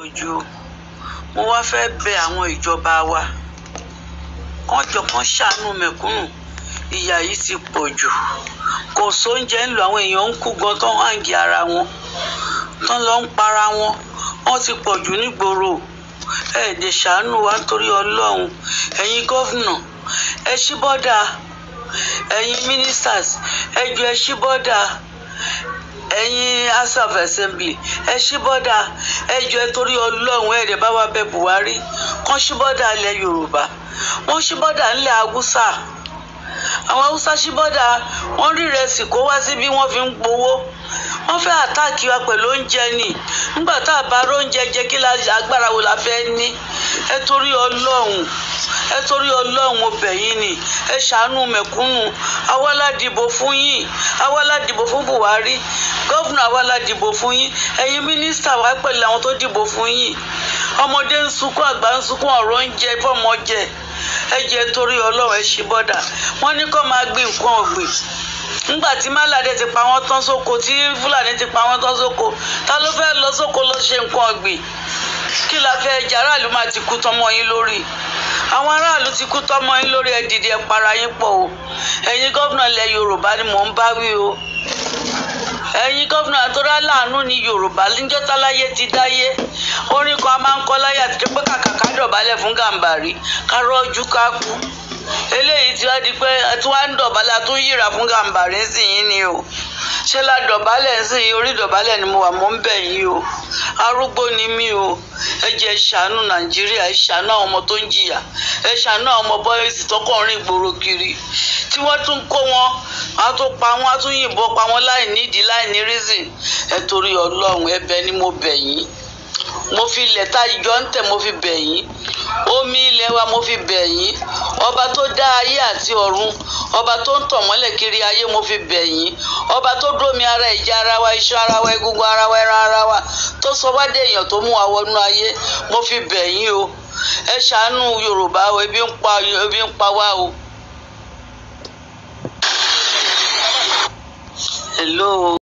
ojú mo wá fẹ́ bẹ àwọn ìjọba wa kán jọ kán ṣàánú mẹ̀kúnnù ìyà yìí ti pọ̀ jù kò sóúnjẹ ń lọ àwọn èèyàn ń kú gan tán hàǹgì ara wọn tán lọ ń para wọn wọ́n ti pọ̀ jù nígboro ẹ lè ṣàánú wa torí ọlọ́run ẹ̀yin gọ́vnà ẹ ṣí bọ́dà ẹ̀yin ministers ẹ jọ̀ọ́ ẹ ṣí bọ́dà ẹ̀yin house of assembly ẹ ṣí bọ́dà ẹ jọ ẹ torí ọlọ́run ẹ̀rẹ̀ bá wa bẹ buhari kán ṣí bọ́dà ilẹ̀ yorùbá wọ́n ṣí bọ́dà ńlẹ̀ haúsá àwọn haúsá ṣí bọ́dà wọ́n rí ìrẹsì kó wá síbí wọ́n fi ń gbowó fẹ́ àtàkì wa pẹ̀lú oúnjẹ ni nígbà tá a bá róúnjẹ jẹ kí agbára wo la fẹ́ ní ẹ torí ọlọ́run ẹ torí ọlọ́run ọbẹ̀ yín ni ẹ ṣàánú mẹ̀kúnnù àwa fún yín àwa fún Buhari gọ́vùnà àwa wa pẹ̀lú àwọn tó dìbò fún yín ọmọdé ń sunkún àgbà ń sunkún ọ̀rọ̀ nígbà tí málàdé ti pa wọ́n tán sóko tí fúlàní ti pa wọ́n tán sóko ta ló fẹ́ lọ sóko lọ ṣe nǹkan ọ̀gbìn kí la fẹ́ jẹ aráàlú máa ti kú tọmọ yín lórí àwọn aráàlú ti kú tọmọ yín lórí ẹ dìde para yín pọ̀ o ẹ̀yin gómìnà ilẹ̀ yorùbá ni mò ń bá wí o ẹ̀yin gómìnà àtọ́rá láàánú ní yorùbá níjọ́táláyé ti dáyé orin kan a máa ń kọ́ láyé àtijọ́ pé kàkà ká dọ̀bálẹ̀ fún gàǹbàrí ká rọ́jú ká kú eléyìí tí wàá di pé tí wàá ń dọ̀bálẹ̀ tún yíra fún Gàmbàrí sìn ni o ṣé la dọ̀bálẹ̀ sìn orí dọ̀bálẹ̀ ni mo wà mọ́ ń bẹ̀ yìí o arúgbó ni mí o ẹ jẹ́ ṣàánú Nàìjíríà ẹ ṣàánú àwọn ọmọ tó ń jìyà ẹ ṣàánú àwọn ọmọ bọ́yìsì tọkọrin ìgboro kiri tí wọ́n tún kó wọn a tún pa wọn a tún yìnbọn pa wọn láì nídìí láì ní reason ẹ torí Ọlọ́run ẹ̀bẹ̀ ni mo bẹ̀ yín mo fi ilẹ̀ tá ìjọ ń tẹ̀ mo fi bẹ̀ yín omi ilẹ̀ wa mo fi bẹ̀ yín ọba tó dá ayé àti ọ̀run ọba tó ń tàn mọ́lẹ̀ kiri ayé mo fi bẹ̀ yín ọba tó dómi ara ìjà ara wa iṣan ara wa egungun ara wa ẹran ara wa tó sọ wá dé èèyàn tó mú wa wọnú ayé mo fi bẹ̀ yín o ẹ ṣàánú yorùbá o ebi ń pa ebi ń pa wá o. hello.